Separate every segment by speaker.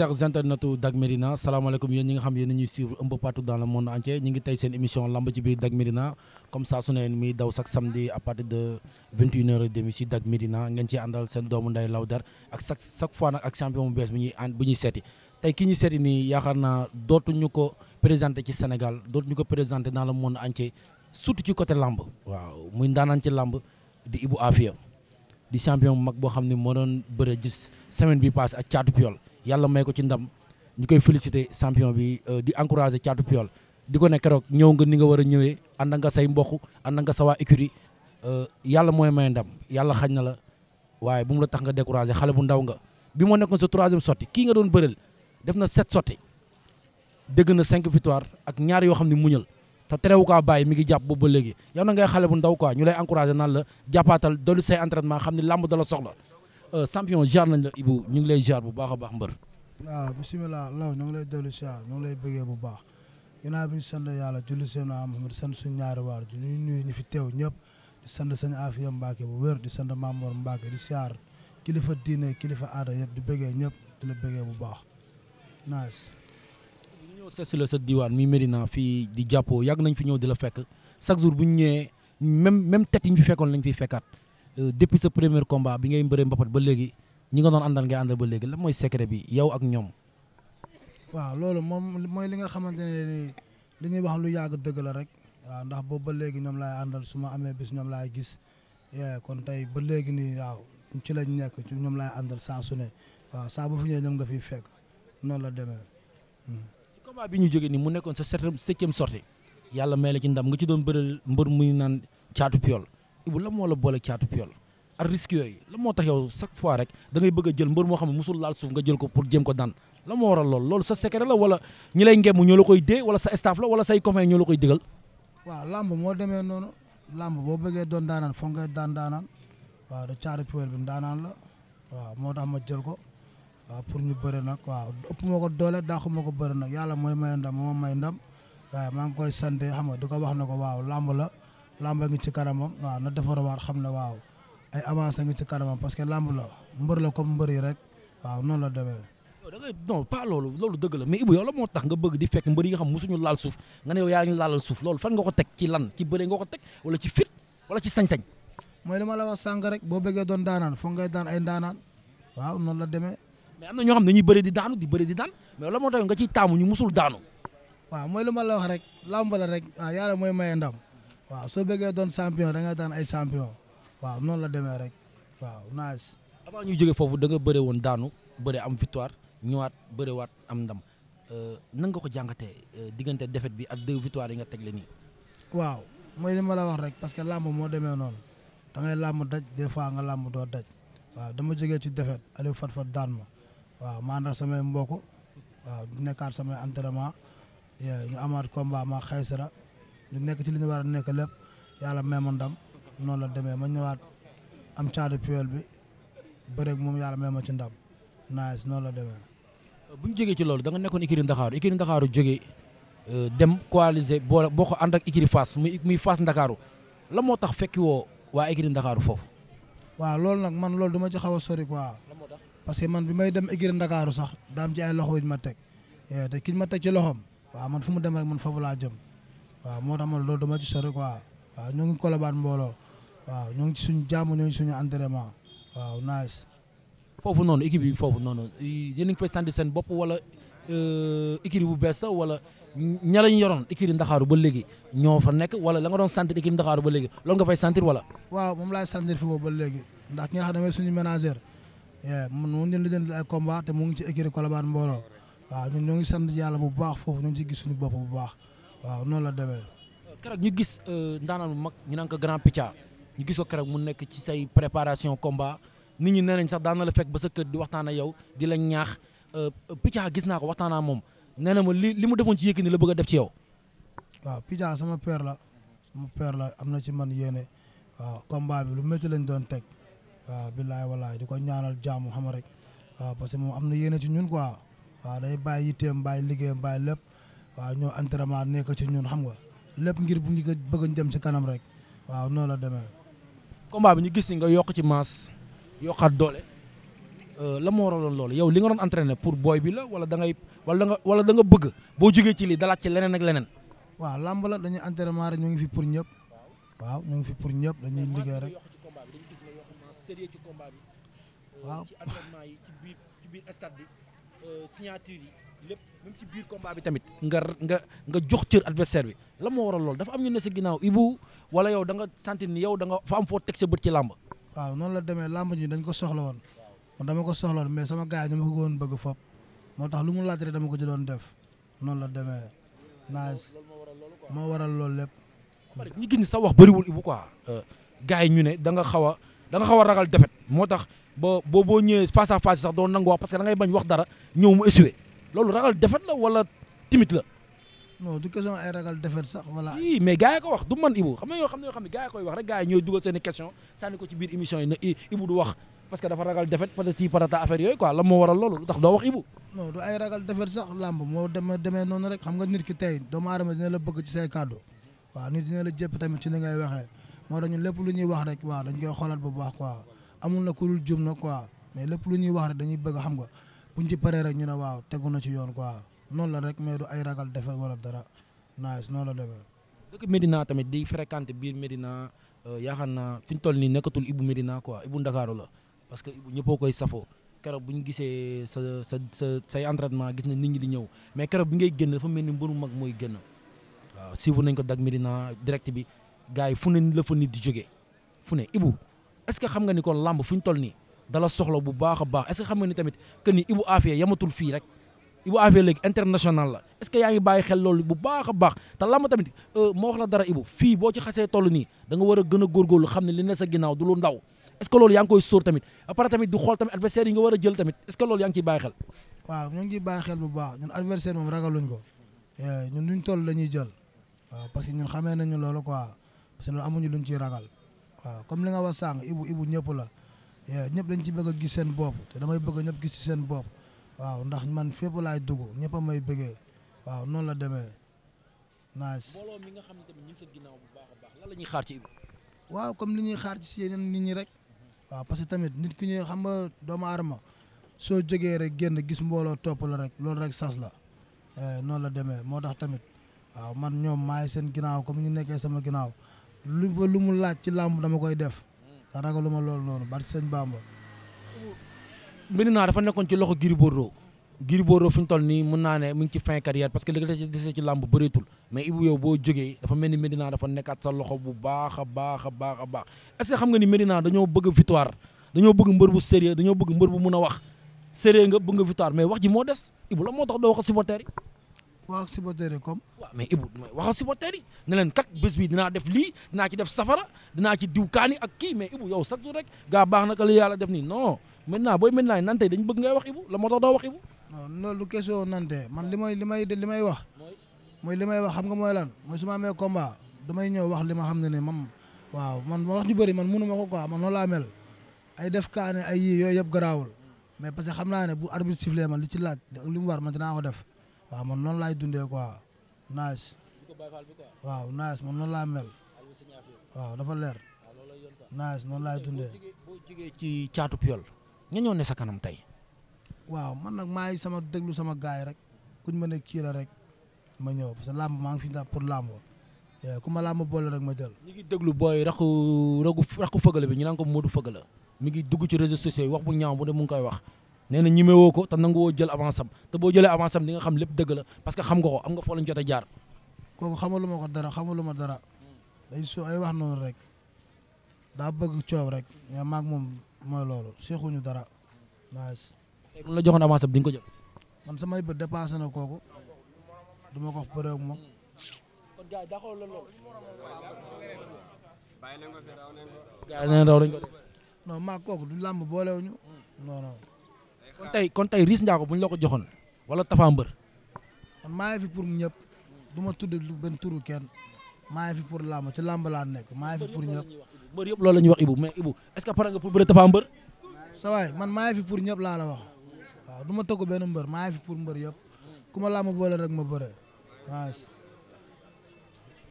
Speaker 1: chers internautes Dak Médina
Speaker 2: salaamaaleykum yéen ñi nga xam yéen ñuy suivre un peu partout dans le monde entier ñu ngi tey seen émission lamb ci biir Dak Médina comme saa su ne daw chaque samedi à de 21 h si Dak ngeen ci àndal seen doomu nday Lawdar ak chaque chaque fois nag ak champion bu bees bu ñuy ànd bu ñuy seeti tey ki ñu seeti nii yaakaar naa dootuñu ko présenté ci Sénégal dootuñu ko présenté dans le monde entier surtout ci côté lamb waaw muy ndaanaan ci lamb di Ibou Afia di champion bu mag boo xam ne moo doon bëre gis semaine bi passé ak caatu yàlla may ko ci ndam ñu koy féliciter champion bi euh, di encourager Thiatou Piol di ko ne keroog ñëw nga ni nga war a ñëwee ànd nga say mbokk ànd nga sa écurie euh, yàlla mooy may ndam yàlla xañ na la waaye bu mu la tax nga décourager xale bu ndaw nga bi moo nekkoon sa troisième sortie kii nga doon bëreel def na sept sorties dégg na cinq victoire ak ñaar yoo xam ne muñal te terewu kaa bàyyi mi ngi jàpp boobu ba léegi yow na ngay xale bu ndaw quoi ñu lay encourager naan la jàppaatal dolli say entraînement xam ne làmb da la soxla Euh, champion jaar nañ la Ibou ñu ngi lay jaar bu baax a baax mbër.
Speaker 1: waaw bisimilah law ñu ngi lay dellu siyaar ñu lay bëggee bu baax ginnaaw bi ñu sant yàlla julli seen am Muhammad sant suñu ñaari waar di nuyu ñu fi teew ñëpp di sant sëñ Afiya mbaake bu wér di sant Mamor mbaake di siyaar kilifa diine kilifa aada yëpp di bëggee ñëpp di la bëggee bu baax nice.
Speaker 2: ñu ñëw sa diwaan mii Medina fii di jàppoo yàgg nañ fi ñëw di la fekk chaque jour bu ñu ñëwee même même tête yi fi fekkoon lañ fiy fekkaat. Euh, depuis sa premier combat bi ngay mbëree mbapat ba legui ñi nga doon andal ngay andal ba legui lan moy secret bi yow ak ñom
Speaker 1: waaw lolu mom moy li nga xamantene ne ni li ñuy wax lu yag deug la rek waaw ndax bo ba legui ñom lay andal suma amé bis ñom lay gis kon tay ba legui ni waaw ci lañ nekk ci ñom lay andal sa suné waaw sa bu fu ñe ñom nga fi fekk non la démé
Speaker 2: hmm. ci combat bi ñu joggé ni mu nekkon sa 7e sortie yalla may ci ndam nga ci doon bëral mbeur muy nan caatu piol. Ibu la moo la boole caatu Piyol ak risque yooyu la moo tax yow chaque fois rek da ngay a jël mbër moo xam ne musul laal suuf nga jël ko pour jéem ko daan la moo waral lool loolu sa secret la wala ñi lay ngemm ñoo la koy dee wala sa staff la wala say copains ñoo la koy digal.
Speaker 1: waaw lamb moo demee noonu lamb boo bëggee doon daanaan foog nga daan daanaan waaw da caatu Piyol bi daanaan la waaw moo tax ma jël ko waaw pour ñu bëri nag waaw ëpp moo ko doole dàqu moo ko bëri nag yàlla moo may ndam waaye maa ngi koy sant xam nga lamba ngi ci kanamam waaw na defaruwaat xam na waaw ay avancé ngi ci kanamam parce que lamb la mbër la comme mbër yi rek waaw noonu la demee.
Speaker 2: da ngay non loolu loolu dëgg la mais Ibou la moo tax nga bëgg di fekk mbër yi nga xam mosuñu laal suuf nga ne yow yaa ñu laalal suuf loolu fan nga ko teg
Speaker 1: la wax sànq rek boo bëggee doon daanaan foog ngay daan ay daanaan waaw la demee. mais am na ñoo xam ne dañuy bëri di daanu di bëri di daan mais la moo tax nga ciy taamu ñu musul daanu. waaw mooy la ma la wax rek làmb la rek waaw yàlla mooy maye ndam waaw soo bëggee doon champion da ngay daan ay champion waaw noonu la demee rek waaw nice.
Speaker 2: avant ñuy jógee foofu da nga bëre woon daanu bëre am victoire ñëwaat bërewaat am ndam nan nga ko jàngatee diggante defet bi ak deux victoire yi nga tegle nii.
Speaker 1: waaw mooy li ma la wax rek parce que làmb moo demee noonu da ngay làmb daj des fois nga làmb doo daj waaw dama jógee ci defet Aliou Fat Fat daan ma waaw ma ànd samay mbokk waaw nekkaat samay entraînement ñu amaat combat ma xaysara ñu nekk ci li ñu war a nekk la yàlla ma ndam noonu la demee ma ñëwaat am caadu puwel bi bëreeg moom yàlla may ma ci ndam nice noonu la demee.
Speaker 2: bu ñu jógee ci loolu da nga nekkoon Ikiri Ndakaaru Ikiri Ndakaaru jógee euh, dem coalisé boo boo ko ànd ak Ikiri Fass muy muy Ndakaaru la moo tax fekki woo waa Ikiri Ndakaaru foofu.
Speaker 1: waaw loolu nag man loolu du ma ci xaw a sori quoi parce que man bi may dem Ikiri Ndakaaru sax daam ci loxo yu ma teg eh, te ki ma teg ci loxoom waaw man fu mu dem rek foofu laa jëm. waaw moo tax man loolu dama ci sori quoi waaw ñoo ngi mbooloo waaw ñoo ngi ci suñu jàmm ñoo suñu entraînement waaw
Speaker 2: foofu noonu équipe bi foofu noonu yéen a ngi fay sant seen bopp wala euh, équipe bu bees la wala ña lañ yoroon équipe Ndakaaru ba léegi ñoo fa nekk wala la nga doon sentir équipe Ndakaaru ba léegi loolu nga sentir wala.
Speaker 1: waaw moom laay sentir fi ba léegi ndax ki nga xam ne mooy suñu manager man moom ñun dañu ay combat te mu ngi ci équipe Colobane Mboro waaw ñun ñoo ngi sant yàlla bu baax foofu ñoo ngi ci gis suñu bopp bu baax. waaw noonu la demee.
Speaker 2: keroog ñu gis euh, ndaanaan bu mag ñu naan ko grand picca ñu gis ko keroog mu nekk ci say préparation combat nit ñu nee nañ sax daan la fek ba sa kër di waxtaan ak yow di la ñaax euh, Pithia gis naa ko waxtaan moom nee na ma li li mu defoon ci ni la bëgg def ci yow.
Speaker 1: waaw Pithia sama père la sama père am na si man yéene waaw combat bi lu métti lañ doon teg waaw billaay walaay di ko ñaanal jaamu xam rek waaw parce que moom am na yéene ci ñun quoi waaw day bàyyi lépp. waaw ñoo entraînement nekk ci ñun xam nga lépp ngir bu ñu ko bëgg dem ci kanam rek waaw noonu la demee.
Speaker 2: combat bi ñu gis ni nga yokk ci masse yokkaat doole euh, la moo waraloon loolu yow li nga doon ne pour booy bi la wala da ngay wala da da nga bëgg boo jógee ci lii dalaat ci leneen ak leneen.
Speaker 1: waaw làmb la dañuy entraînement rek ñu ngi fi pour ñëpp. waaw ñu ngi fi pour ñëpp dañuy liggéey rek.
Speaker 2: waaw. Euh, lépp même ci biir combat bi tamit nga nga nga jox cër adversaire bi la moo waral loolu dafa am ñu ne sa ginnaaw Ibou wala yow da nga sentir ni yow da nga fa am foo teg sa bët ci làmb
Speaker 1: waaw noonu la demee làmb ji dañ ko soxla woon man dama ko soxla woon mais sama gars yi ñu ma ko woon bëgg fop moo tax lu mu laaj rek dama ko ci doon def noonu la demee naaj moo waral loolu lépp. ñu gis ni sa
Speaker 2: wax bëriwul Ibou quoi. Euh, gars yi ñu ne da nga xaw da nga xaw ragal defet moo tax ba boo face à face sax doon nangu parce que da ngay bañ wax dara ñëw mu essuyer. loolu ragal defet la wala
Speaker 1: timit la. non du question ay ragal defet sax voilà.
Speaker 2: ii mais gars ko wax du man Ibou xam ne yoo xam ne gars yi koy wax rek gars yi ñooy i question sànni ko ci biir émission yi ne Ibou du wax parce que dafa ragal defet patati patata affaire yooyu quoi lan moo waral loolu lu tax doo wax Ibou.
Speaker 1: non du ay ragal defet sax làmb moo demee demee noonu rek xam nga nit ki tey a aadama dina la bëgg ci say nit dina la jëpp tamit ci ni ngay moo tax ñun lépp lu ñuy wax rek waaw dañ koy xoolaat bu baax quoi amul na ñuy wax dañuy bëgg xam nga buñ ci paree rek ñu ne waaw tegu na ci yoon quoi noonu la rek mais du ay ragal defe wala dara nice noonu la demee.
Speaker 2: dëkk Medina tamit di fréquenté biir Medina euh, yaakaar naa fi ñu toll nii nekkatul Ibou Medina quoi Ibou Ndakaaru la parce que Ibou ñëppoo koy safoo keroog bu ñu gisee sa sa sa say entraînement gis na nit ñi di ñëw mais keroog bi ngay génn dafa mel ni mbëru mag mooy génn waaw suivre nañ ko Dak Medina direct bi gars yi fu ne la fa di jógee fu ne Ibou est ce que xam nga ni kon làmb fu ñu toll nii dala soxla bu baax a baax est-ce que xam nga ni tamit que ni Ibou Afia yamatul fii rek Ibou Afia léegi international la est yaa ngi bàyyi xel loolu bu baax a baax te lamb tamit euh, moo fii boo ci xasee toll nii da war a gën a góorgóorlu xam ne li ne sa ginnaaw du lu ndaw est-ce que loolu yaa ngi koy sóor tamit après nga war a jël tamit est-ce que loolu yaa ngi ciy bàyyi xel
Speaker 1: waaw ñu ngi ciy bàyyi xel bu baax ñun adversaire moom eh, parce que ñun xamee nañu loolu quoi parce que loolu amuñu luñ ciy ragal waaw comme li nga wax sàng Ibou Ibou ñëpp la Eh, ñëpp dañ ci bëgg a gis seen bopp te damay bëgg ñëpp gis seen bopp waaw ndax man fépp laay dugg ñëpp a may bëggee waaw noonu la demee nice.
Speaker 2: mbooloo mi nga xam ne tamit ci
Speaker 1: waaw comme li ñuy xaar ci nit ñi rek. waaw parce que tamit nit ki ñuy xam nga doomu ma soo jógee rek génn gis mbooloo topp la rek loolu rek sas la eh, noonu la demee moo tax tamit waaw man ñoom maay seen ginnaaw comme ñu nekkee sama ginnaaw lu lu mu laaj ci làmb dama koy def. te ma loolu noonu bari sëñ Bamba.
Speaker 2: Medina dafa nekkoon ci loxo Gris Bordeaux Gris Bordeaux fi ñu toll nii mën naa ne mu ngi ci fin carrière parce que li ci dese ci làmb bëreetul mais Ibou yow boo jógee dafa mel ni Medina dafa nekkaat sa loxo bu baax a baax a baax a baax est que xam nga ni Medina dañoo bëgg victoire dañoo bëgg mbër bu sérieux dañoo bëgg mbër bu mun a wax sérieux nga bëgg nga victoire mais wax ji moo des Ibou la moo tax doo wax ko supporter yi waaw supporters yi comme. waaw mais Ibou waxal supporters yi ne leen kat bés bi dinaa def lii dinaa ci def safara dinaa ci diw kaani ak kii mais Ibou yow chaque jour rek gaa baax na ka li yàlla def nii non
Speaker 1: maintenant booy maintenant nante dañ bëgg ngay wax Ibou la moo tax doo wax Ibou. non loolu question nante man li may li may li wax. mooy li may wax xam nga mooy lan mooy su ma amee combat damay ñëw wax li ma xam ne ne mam waaw man wax ju bëri man mënu ma ko quoi man noonu laa mel ay def kaane ay yii yooyu yëpp garaawul mais parce xam naa waaw man noonu laay dundee quoi naaj. waaw naaj man noonu laa mel. waaw dafa leer. naaj noonu laay dundee. boo
Speaker 2: ci caatu piol nga ñëw ne sa kanam tey.
Speaker 1: waaw man nag maa ngi sama déglu sama gaay rek kuñ ma ne kii la rek ma ñëw parce que làmb maa ngi fi pour làmb eh, ku ma làmb boole rek ma jël. ñu
Speaker 2: ngi déglu booy raku raku raku fëgale bi ñu naan ko Modou fëgale mu ngi dugg ci réseaux sociaux yi wax bu ñaaw bu ne mu ngi koy wax. nee na ñimewoo ko te nanguwoo jël avance am te boo jëlee avance am di nga xam lépp dëgg parce que xam nga ko am nga foo lañ jot a jaar
Speaker 1: kooku xamaluma ko dara xamaluma dara day su ay wax noonu rek daa bëgg coow rek mais maag moom mooy loolu seexuñu dara maas
Speaker 2: mun la joxoon avance am ko jël
Speaker 1: man samay bët dépassé na kooku du ma ko wax bëre ak moom
Speaker 2: gaa daxaw la loolu bàyyi leen ko
Speaker 1: fi raw ko gaa leen kon tey
Speaker 2: kon tey Riis Ndiago bu ñu la ko joxoon wala Tapha Mbeur.
Speaker 1: man maa fi pour ñëpp du ma tudd benn turu kenn maa fi pour làmb ci làmb laa nekk maa fi pour ñëpp. mbër
Speaker 2: yëpp loolu la wax ibu mais ibu est-ce que pare pour
Speaker 1: sa waay man maa pur fi pour ñëpp laa la wax waaw du ma tëgg benn mbër maa fi pour mbër yëpp ku ma làmb boole rek ma bëre waas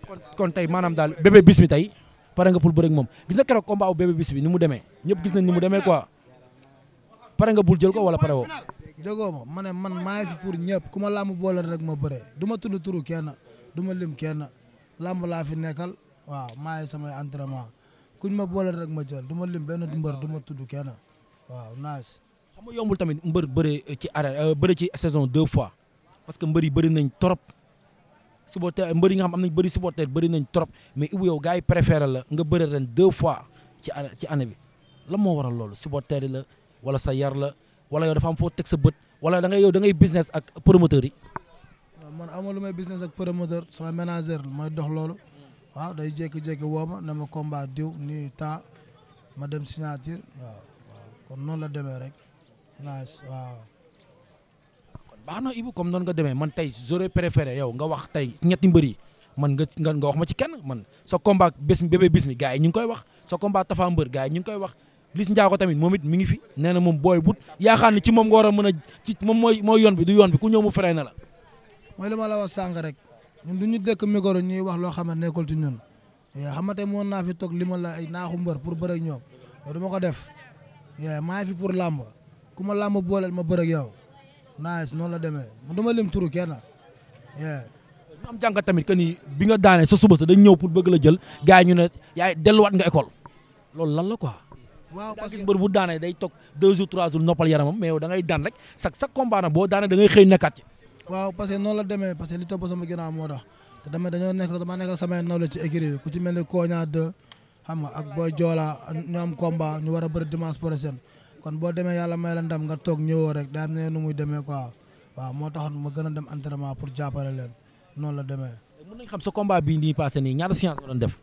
Speaker 2: kon kon tey maanaam daal bébé bis mi tey pare nga pour moom gis na keroog combat bébé bis ni mu demee ñëpp gis nañ ni mu demee quoi. pare nga bul jël ko wala pare woo.
Speaker 1: déggoo ma ma man maa ngi fi pour ñëpp ku ma làmb boole rek ma bëree du ma tudd turu kenn duma ma lim kenn làmb laa fi nekkal waaw maa sama samay entraînement kuñ ma boole rek ma jël du ma lim benn mbër du ma tudd kenn waaw nice.
Speaker 2: xam nga yombul tamit mbër bëree ci arène euh, bëri ci saison deux fois parce que mbër yi bëri nañ trop supporter mbër yi nga xam nañ bëri supporter bëri nañ trop mais Ibou yow gars yi préféré la nga bëri ren deux fois ci ci année bi lan moo waral loolu supporter la. wala sa yar la wala yow dafa am fo tek sa beut wala da ngay yow da ngay business ak promoteur yi.
Speaker 1: man amul may business ak promoteur sama manager mooy dox lolu waaw day jek jek woo na ma combat diw ni ta ma dem signature waaw kon non la demé rek nice waaw.
Speaker 2: kon baax na Ibou comme non nga demé man tay j'aurais préféré yow nga wax tay ñetti mbeur yi man nga nga wax ma ci kenn man sa combat bes bébé bis mi gars ñu ngi koy wax sa combat Tafa mbeur gaay ñu ngi koy wax. Liss Ndiago tamit moom it mi ngi fi nee na moom booy but yaakaar ne ci moom nga war a mën a ci moom mooy mooy yoon bi du yoon bi ku ñëw mu freiné la.
Speaker 1: mooy li la wax sànq rek ñun du ñu dëkk micro ñuy wax loo xam ne nekkul ci ñun xam nga tey mën naa fi toog li ma la ay naaxu mbër pour bëre ak ñoom mais du ma ko def maa ngi fi pour làmb ku ma làmb booleel ma bëre ak yow naa yees noonu la demee du ma lim turu kenn. ñu
Speaker 2: am jàngat tamit que ni bi nga daane sa suba sa dañ ñëw pour bëgg la jël gars yi ñu ne yaay delluwaat nga école loolu lan la quoi. waaw parce que mbër bu daanee day toog deux jours trois jours noppal yaramam mais yow da ngay rek sax sax combat na boo daanee da xëy nekkaat ci.
Speaker 1: waaw parce que la demee parce que li topp te ñu war a bëri dimanche prochain kon boo demee yàlla may la nga toog ñëwoo rek daa am ne nu muy demee quoi moo taxoon ma gën a dem entraînement pour jàppale leen noonu la demee.
Speaker 2: mën nañ xam sa combat bii nii passé nii ñaata séance nga doon def.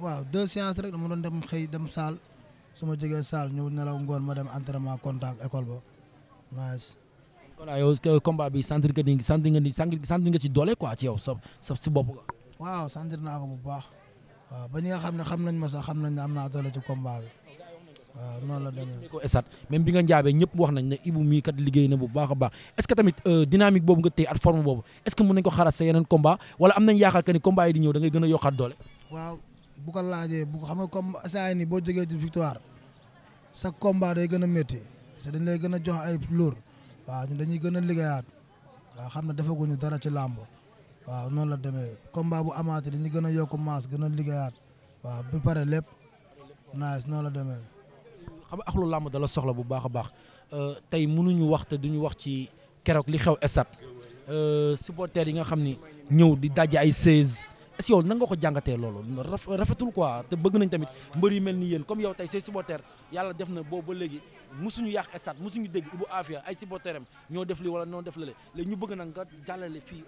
Speaker 1: waaw deux séances rek dama doon dem xëy dem salle su ma jógee saal ñëw nelaw ngoon ma dem contact école ba nice.
Speaker 2: kon bi sentir nga ni sentir doole quoi ci yow sa sa si bopp nga.
Speaker 1: waaw sentir naa ko bu baax waaw ba ñi nga xam ma sax xam nañ ne am naa doole ci combat bi waaw noonu
Speaker 2: bi nga njaabee ñëpp wax nañ ne Ibou mii kat liggéey na bu baax a baax est-ce que tamit euh, dynamique boobu nga téye at forme boobu est-ce ko xaraat sa yeneen combat wala am nañ yaakaar que ni di ñëw da ngay gën a yokkaat doole.
Speaker 1: bu ko laajee bu xam nga comme saa nii boo jegee ci victoire sa combat day gën a métti parce dañ lay gën a jox ay lóor waaw ñun dañuy gën a liggéeyaat waaw xam ne defaguñu dara ci làmb waaw noonu la demee combat bu amaatee dañuy gën a yokk maas gën a liggéeyaat waaw bu pare lépp naaj noonu la demee.
Speaker 2: xam nga ak lu làmb dala soxla bu baax a baax euh, tey mënuñu wax te duñu wax ci keroog li xew esat euh, supporters yi nga xam ni ñëw di daje ay 16. est-ce que yow nga ko jàngatee loolu rafetul quoi te bëgg nañ tamit mbër yu mel ni yéen comme yow tey say supporters yàlla def na boobu ba léegi musuñu yàq stade suñu dégg Ibou Afia ay supporteram ñoo def li wala ñoo def lale léegi ñu bëgg nag nga jàllale fii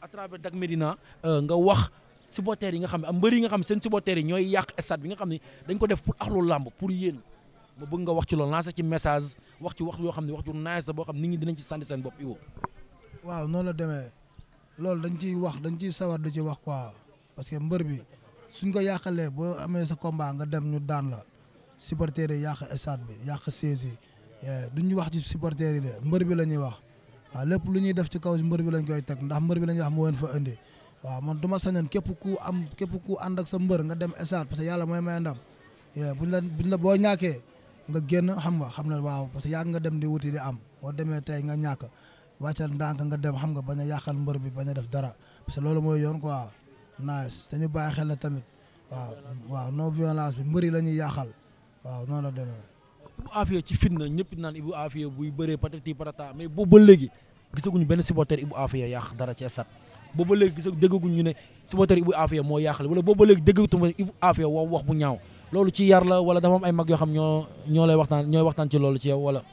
Speaker 2: à travers Dak Médina euh, nga wax supporters yi nga xam ne ak mbër yi nga xam ne seen supporters yi ñooy yàq stade bi nga xam ni dañ ko def pour axlu làmb pour yéen ma bëgg nga wax ci loolu lancer ci message wax ci wax yoo xam ne wax ju naaj sa boo xam nit ñi dinañ ci sant seen bopp Ibou
Speaker 1: waaw lol dañ ci wax dañ ci sawar di ci wax quoi parce que mbeur bi suñ ko yàqalee bo amé sa combat nga dem ñu daan la supporter yi yàq estad bi yàq siège eh, duñ ñu wax ci supporter yi de mbeur bi la wax wa lepp lu ñuy def ci kaw mbeur bi lañ koy tek ndax mbeur bi la wax mo fa ëndé wa man duma ma képp ku am képp ku and ak sa mbeur nga dem estad parce que yalla moy may ndam eh, buñ la buñ la bo ñàkkee nga génn xam nga xam na waaw parce que nga dem di wuti di am bo démé tay nga ñaaka wàccal ndànk nga dem xam nga bañ a yàqal mbër bi bañ a def dara parce loolu mooy yoon quoi nice te ñu bàyyi xel na tamit waaw waaw non violence bi mbëri la ñuy yàqal waaw noonu la demee.
Speaker 2: Ibou Afia ci fitna ñëpp naan Ibou Afia buy bëree patati patata mais boobu ba léegi gisaguñu benn supporter Ibou Afia yàq dara ci stade boobu ba léegi gisaguñu déggaguñu ñu ne supporter Ibou Afia moo yàqale wala boobu ba léegi déggatuma Ibou Afia wax wax bu ñaaw loolu ci yar la wala dafa ay mag yoo xam ñoo ñoo lay waxtaan ñooy waxtaan ci loolu ci yow
Speaker 1: wala.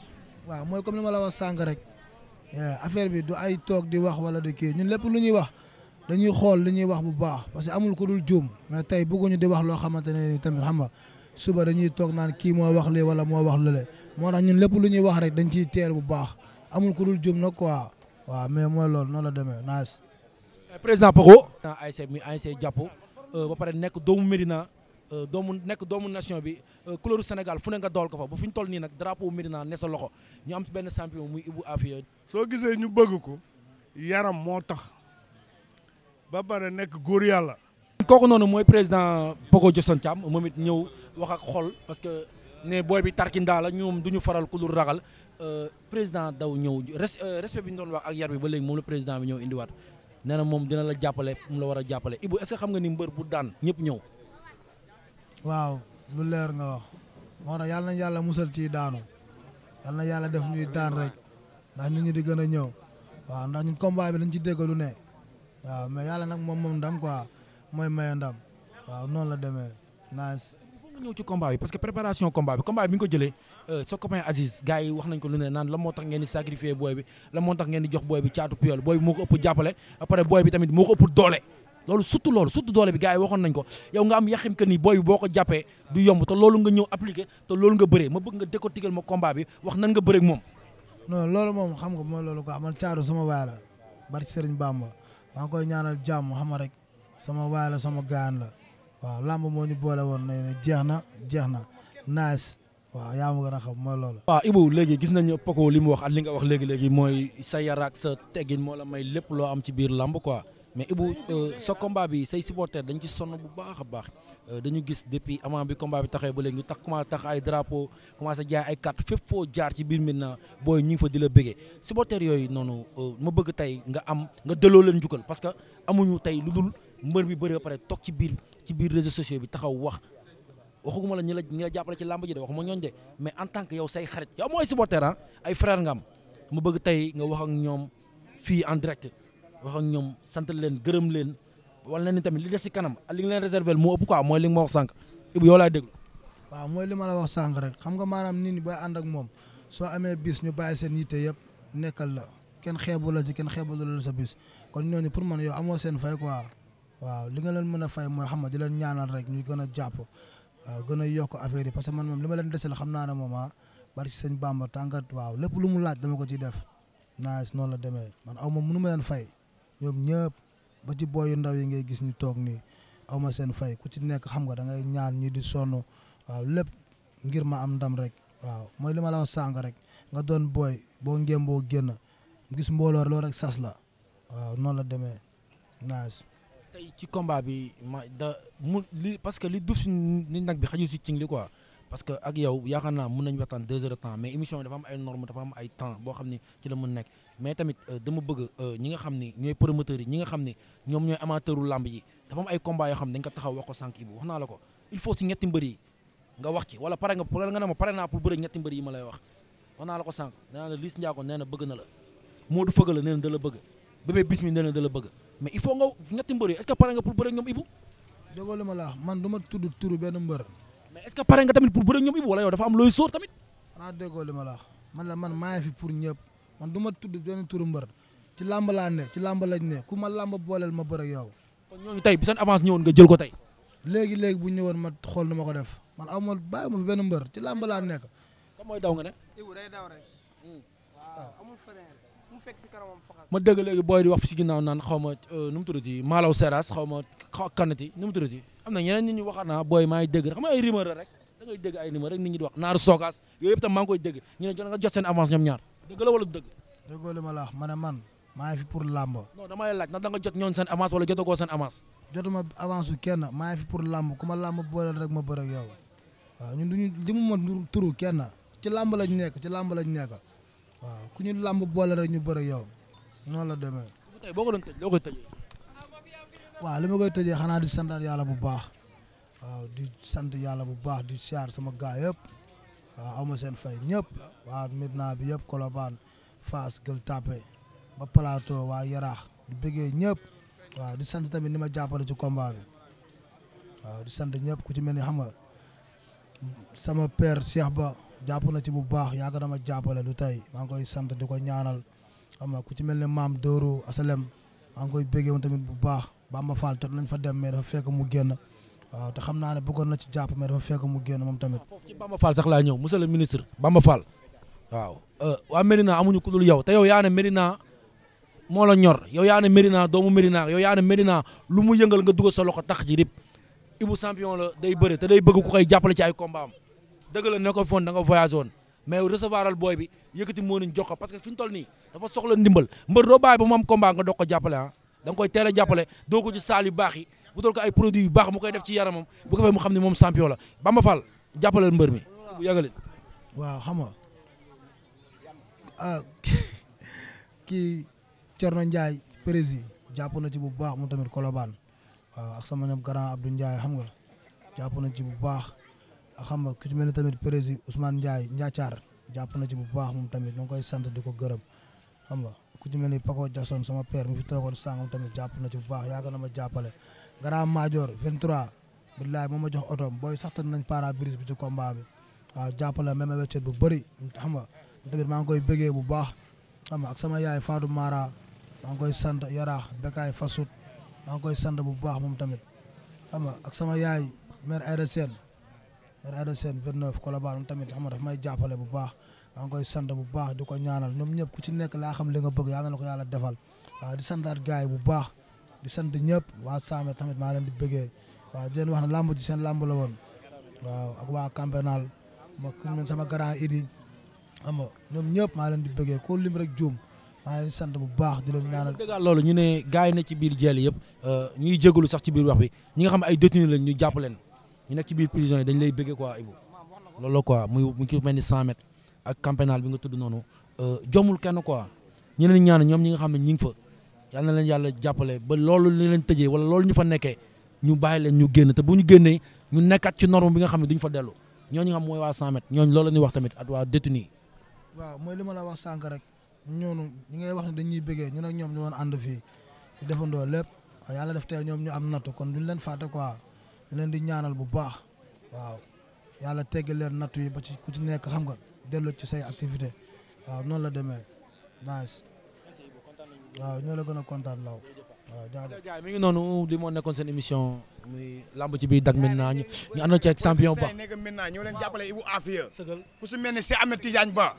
Speaker 1: waaw mooy comme li ma la wax sànq rek affaire bi du ay toog di wax wala di kii ñun lépp lu ñuy wax dañuy xool li ñuy wax bu baax parce que amul ku dul juum mais tey bëgguñu di wax loo xamante ne tamit xam nga suba dañuy toog naan kii moo wax lee wala moo wax lële moo tax ñun lépp lu ñuy wax rek dañ ciy teer bu baax amul ku dul juum nag quoi waaw mais mooy loolu noonu la demee naas. président Paco.
Speaker 2: ay ASC mi ASC jàpp euh, ba pare nekk doomu Medina. Euh, doomu nekk doomu nation bi euh, couleuru Sénégal fu ne nga dool ko fa ba fu ñu toll nii nag drapeau Médina ne sa loxo ñu am benn champion muy Ibou Afia. soo gisee ñu bëgg ko yaram moo tax ba pare nekk góor yàlla. kooku noonu mooy président Pogo Joson Thiam moom it ñëw wax ak xol parce que ne booy bi tarkindaa la ñoom du ñu faral ku dul ragal euh, président daw ñëw respect bi ñu doon wax ak yar bi ba léegi moom la président bi ñëw indiwaat nee na moom dina la jàppale la war a jàppale Ibou xam nga ni mbër bu daan ñëpp ñëw.
Speaker 1: waaw lu leer nga wax moo tax yàlla na yàlla musal ci daanu yàlla na yàlla def ñuy daan rek ndax nit ñi di gën a ñëw waaw ndax ñun combat bi dañ ci dégg lu ne waaw mais yàlla nag moom moom ndam quoi mooy maye ndam waaw noonu la demee nice.
Speaker 2: ñëw ci combat bi parce que préparation combat bi combat bi mi ko jëlee euh, sa copain Aziz gars wax nañ ko lu ne naan la moo tax ngeen di sacrifier booy bi la moo tax ngeen di jox booy bi caatu puyol booy bi moo moo ko doole loolu surtout loolu surtout doole bi gars yi waxoon nañ ko yow nga am yaxim que ni booy bi boo ko jàppee du yomb te loolu nga ñëw appliqué te loolu nga bëree ma bëgg nga décortiquer ma combat bi
Speaker 1: wax nan nga bëree moom. non loolu moom xam nga mooy loolu quoi man caaru sama waay la bari Serigne maa ngi koy ñaanal jàmm xam rek sama waay sama gaan la waaw làmb moo ñu boole woon ne jeex na jeex na naas waaw yaa ma gën a xam mooy loolu. waaw Ibou
Speaker 2: léegi gis nañu Paco li mu wax ak li nga wax léegi léegi mooy sa yar ak sa teggin moo la may lépp loo am ci biir lamb quoi mais Ibou euh, sa combat bi say supporters dañ ci sonn bu baax a baax euh, dañu gis depuis avant bi combat bi taxee ba léegi ñu tax commencé tax ay drapeau commencé jaay ay carte fépp foo jaar ci biir Médina booy ñu ngi di la bëggee supporters yooyu noonu euh, ma bëgg tey nga am nga delloo leen njukkal parce que amuñu tey lu dul mbër mi bëri ba pare toog ci biir ci biir réseaux sociaux bi taxaw wax waxuguma la ñi la ñi la jàppale ci làmb ji de ma ñooñ de mais en tant que yow say xarit yow mooy supporter ah ay frère nga ma bëgg tey nga wax ak ñoom fii en direct wax ak ñoom sant leen gërëm leen wala leen ni tamit li des si kanam li nga leen réservé moo ëpp ko mooy li nga ma wax
Speaker 1: sànq Ibou yow laay mooy li ma la wax sànq rek xam nga maanaam nit ñi booy ànd ak moom soo amee bis ñu bàyyi seen yitte yëpp nekkal la kenn xeebu la ci kenn xeebu la sa bis kon ñooñu pour man yow amoo seen fay quoi waaw li nga leen mën a fay mooy xam nga di leen ñaanal rek ñu gën a jàpp waaw gën a yokk affaire yi que man moom li ma leen desal xam naa ne moom ah bari si sëñ Bamba tàngat waaw lu mu laaj dama ko ciy def naa noonu la demee man aw ma mënu ma leen fay ñoom ñëpp ba ci booyu ndaw yi ngay gis ni toog nii aw ma seen fay ku ci nekk xam nga da ngay ñaan ñi di sonn waaw lépp ngir ma am ndam rek waaw mooy li ma la wax sàng rek nga doon booy boo ngéem boo génn gis mbooloor loo rek sas la waaw noonu la demee naas.
Speaker 2: ci combat bi ma da mu li parce que li duuf si nit nag bi xajul si cing li parce que ak yow yaakaar naa mën nañu waxtaan deux heures temps mais émission dafa am ay normes dafa am ay temps boo xam ni ci la mën nekk mais tamit euh, dama bëgg euh, ñi nga xam ni ñooy promoteurs yi ñi nga xam ni ñoom ñooy amateuru lamb yi dafa am ay combat yoo xam ne dañ ko taxaw wax ko sànq yi wax naa la ko il faut si ñetti mbër yi nga wax ci wala pare nga nga ne ma pare naa pour bëre ñetti mbër yi ma lay wax wax naa la ko sànq nee na liste Liss nee na bëgg na la Modou Feugueleu la nee na da la bëgg Bébé Bismi nee na da la bëgg mais il faut nga ñetti mbër yi est ce que pare nga pour bëre ñoom ibu déggoo li ma la man du ma tudd
Speaker 1: turu benn mbër mais est ce que pare nga tamit pour bëre ñoom ibu wala yow dafa am looy sóor tamit xanaa déggoo li ma la man la man maa fi pour ñëpp man du ma tudd benn turu mbër ci làmb laa ne ci làmb ku ma làmb booleel ma bëre yow. kon ñooñu tey bi seen avance ñëwoon nga jël ko tey. léegi léegi bu ñëwoon ma xool nu ko def man amul bàyyi ma fi benn mbër ci làmb laa nekk. mooy daw nga ne. ma dégg léegi booy di wax fi ci ginnaaw
Speaker 2: naan xaw ma euh, nu mu tuddati Malaw Seras xaw ma kanati nu mu tuddati am na ñeneen nit ñi waxaat naa booy maay dégg xam nga ay rumeur rek da di wax naar soogaas yooyu yëpp tam maa ngi koy dégg jot nga avance ñoom ñaar
Speaker 1: dëgg la wala dëgg. dëggoo li ma la wax ma ne man maa ngi fi pour làmb. non
Speaker 2: damay laaj ndax da nga jot ñoon seen avance wala jotagoo seen avance.
Speaker 1: jotuma avance su kenn maa ngi fi pour làmb ku ma làmb booleel rek ma bëre ak yow waaw ñun du ñu li mu ma turu kenn ci làmb lañ nekk ci làmb lañ nekk waaw ku ñu làmb boole rek ñu bëre ak yow noonu la demee. tey boo ko
Speaker 2: doon tëj loo koy tëjee.
Speaker 1: waaw li ma koy tëjee xanaa di santaat yàlla bu baax waaw di sant yàlla bu baax di siyaar sama gaa yëpp. waaw amu seen fay ñëpp waa Medina bi yëpp Colobane Fass Gueule Tapée ba Plateau waa Yaraax di bëggee ñëpp waaw di sant tamit ni ma jàppale ci combat bi di sant ñëpp ku ci mel ni xam nga sama père Cheikh Ba jàpp na ci bu baax yàgg na ma jàppale lu tey maa ngi koy sant di ko ñaanal xam nga ku ci mel ni maam Doro Asalem maa ngi koy bëggee tamit bu baax Bamba Fall jot nañ fa dem mais dafa fekk mu génn. waaw te xam naa ne bëggoon na ci jàpp mais dafa fekk moom tamit. foofu
Speaker 2: ci Bamba Fall sax laa ñëw monsieur le ministre waaw euh, waa Médina amuñu ku yow te yow yaa ne Médina moo la ñor yow yaa ne Médina doomu Médina yow yaa ne Médina lu mu yëngal nga dugal sa loxo tax ji rib Ibou la day bëre te day bëgg ku koy jàppale ci ay combat am dëgg la ko foon da nga woon mais recevoir al booy bi yëkkati jox ko parce que fi ñu toll nii dafa soxla ndimbal mbër doo bàyyi ba mu am combat nga ko jàppale ah da nga koy teel a jàppale doo ko ci saal yu baax yi wutal ko ay produits yu baax mu koy def ci yaramam bu ko fee mu xam ne moom champion la Bamba Fall jàppaleel mbër mi bu yàggaleen
Speaker 1: waaw xam nga ah kii Thierno Ndiaye président jàpp na ci bu baax moom tamit Colobane waaw ah, ak sama ñoom grand Abdou xam nga jàpp na ci bu baax ah, xam nga ku ci mel ne tamit président Ousmane Ndiaye jàpp na ci bu baax moom tamit ñu ngi koy sant di ko gërëb xam nga ku ci mel ni Paco Jason sama père mi fi toogoon sàngam tamit jàpp na ci bu baax yàgg na ma jàppale Grand Major 23 billaay moo ma jox otoom booy saxtan nañ pare-brise bi ci combat bi waaw jàppale même weccet bu bëri xam nga tamit maa ngi koy bëggee bu baax xam nga ak yaay Fatou Mara maa ngi koy sant yaraax bekaay fasut maa ngi koy sant bu baax moom tamit xam nga ak sama yaay mère Aïda Sène mère Aïda Sène 29 Colobane moom tamit xam daf may jàppale bu baax maa ngi koy sant bu baax di ko ñaanal ñoom ñëpp ku ci nekk laa xam li nga bëgg yàlla na la ko yàlla defal waaw di santaat bu baax di sant ñëpp waa Saame tamit maa leen di bëggee waaw di leen wax ne làmb di seen làmb la woon waaw ak waa Campenal ma ku sama grand idi xam ñoom ñëpp maa leen di bëggee ko lim rek juum maa leen di sant bu baax di leen ñaanal.
Speaker 2: dëggal loolu ñu ne gars yi ne ci biir jeel yëpp euh, ñuy jégalu sax ci biir wax bi ñi nga xam ne ay lañ ñu jàpp leen ñu nekk ci biir prison dañ lay bëggee quoi Ibou loolu quoi muy mu ci mel ni 100 mètres bi nga tudd noonu euh, jommul kenn quoi ñeneen ñaan ñoom ñi nga xam ne ñi ngi yal na leen yàlla jàppale ba loolu li leen tëjee wala loolu ñu fa nekkee ñu bàyyi leen ñu génn te bu ñu génnee ñu nekkat ci norme bi nga xam ne duñ fa dellu ñooñu xam mooy waa 100 mètres ñooñu loolu la ñuy wax tamit at waa détenu yi
Speaker 1: waaw mooy li ma la wax sànq ñoonu ñi ngay wax ne dañuy bëggee ñun ak ñoom ñu woon ànd fii di defandoo lépp yàlla def tey ñoom ñu am nattu kon duñ leen fàtte quoi ñu leen di ñaanal bu baax waaw yàlla tegg leen nattu yi ba ci ku ci nekk xam nga dellu ci say activité waaw noonu la demee waaw ñoo la gën a kontaan law
Speaker 2: mi ngi noonu di moo nekkoon seen émission muy lamb ci biir dak maintenant ñu ñu àndoon ceeg champion ba
Speaker 1: ñoo leen jàppale Ibou Afia ku si mel si Ahmed Tidiane Ba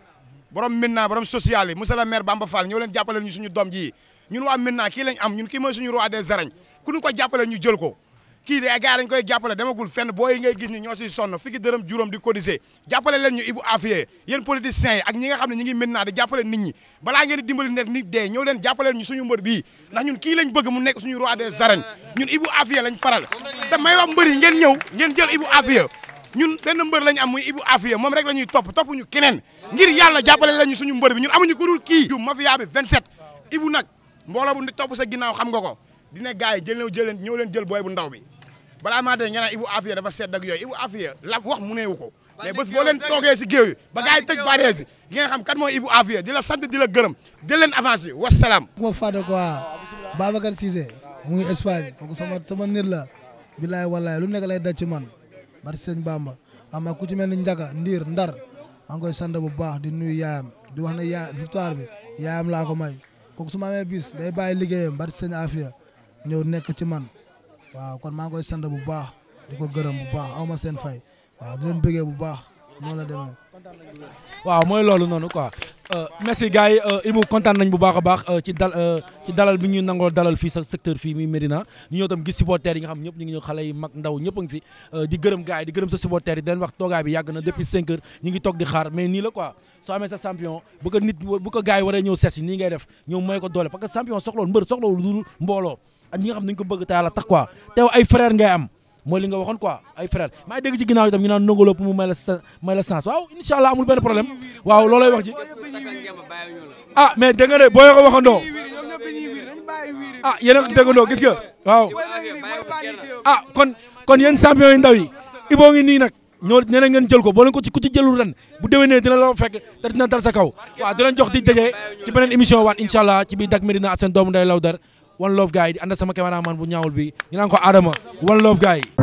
Speaker 1: borom maintenant borom social yi monsieur le maire ba Fall ñoo leen jàppale ñu suñu doom ji ñun waa maintenant kii lañ am ñun kii mooy suñu roi des arènes ku ñu ko jàppale ñu jël ko kii de gars dañ koy jàppale demagul fenn booy yi ngay gis ni ñoo siy sonn fi dërëm juróom di cotiser jàppale leen ñu Ibou Afia yéen politiciens yi ak ñi nga ngi maintenant di jàppale nit ñi balaa ngeen di dimbali nekk nit dee ñëw leen jàppale ñu suñu mbër bii ndax ñun kii lañ bëgg mu nekk suñu roi des arènes ñun Ibou Afia lañ faral te may wax mbër yi ngeen ñëw ngeen jël Ibou Afia ñun benn mbër lañ am muy Ibou Afia moom rek la ñuy topp topp ñu keneen ngir yàlla jàppale leen ñu suñu mbër bi ñun amuñu ku dul kii du mafia bi 27 Ibou nag mbooloo bu topp sa ginnaaw xam nga ko dina gars yi jël ñëw leen jël booy bu ndaw bi balaa maa dee ngeen naan Ibou Afia dafa sedd ak yooyu Ibou la wax mu neewu ko mais bés boo leen toogee si géew yi ba gars yi tëj barrage yi gi nga xam kan mooy Ibou Afia di la sant di la gërëm di leen avancé wasalaam moo fàtte quoi Babacar Cissé mu ngi Espagne donc sama sama nit la bilaay walaay lu nekk lay daj ci man bari sëñ Bamba ama ku ci mel ni Njaga Ndiir Ndar maa ngi koy sant bu baax di nuyu yaayam di wax na yaa victoire bi yaayam laa ko may kooku su ma amee bis day bàyyi liggéeyam bari sëñ Afia nekk ci man waaw kon maa ngi koy sant bu baax di ko gërëm bu baax aw ma seen fay waaw di leen bu baax noonu la demee. waaw mooy loolu noonu
Speaker 2: quoi euh, merci gars yi euh, Ibou kontaan nañ bu baax a baax euh, ci dal ci dalal bi ñu nangoo dalal fii sa secteur fii muy Médina ñu ñëw tam gis supporters yi nga xam ñëpp ñu ngi ñëw xale mag ndaw ñëpp a ngi fi di gërëm gars yi di gërëm sa supporters yi di leen wax toogaay bi yàgg na depuis 5 ñu ngi toog di xaar mais nii la quoi soo amee sa champion bu ko nit bu ko gars yi waree ñëw ses yi nii ngay def ñëw mooy ko doole parce que champion soxlool mbër soxlawul dul ñi nga xam dañ ko bëgg te tak tax quoi te ay frère ngay am mooy li nga waxoon quoi ay frère maa ngi dégg ci ginnaaw itam ñu naan nongolo pour mu may la may waaw incha allah amul benn problème waaw loolay wax ji ah mais dégg nga de boo ko waxandoo ah yéen a déggandoo gis nga waaw ah kon kon yéen champion yi ndaw yi Ibou ngi nii nag ñoo ñeneen ngeen jël ko boo ko ci ku ci jëlul ren bu déwénee dina la fekk te dina dal sa waa waaw dinañ jox di daje ci beneen émission waat incha allah ci biir Dak Médina ak seen doomu nday Law one love gars yi di ànd sama cameraman bu ñaawul bi ñu naan ko Adama one love gars yi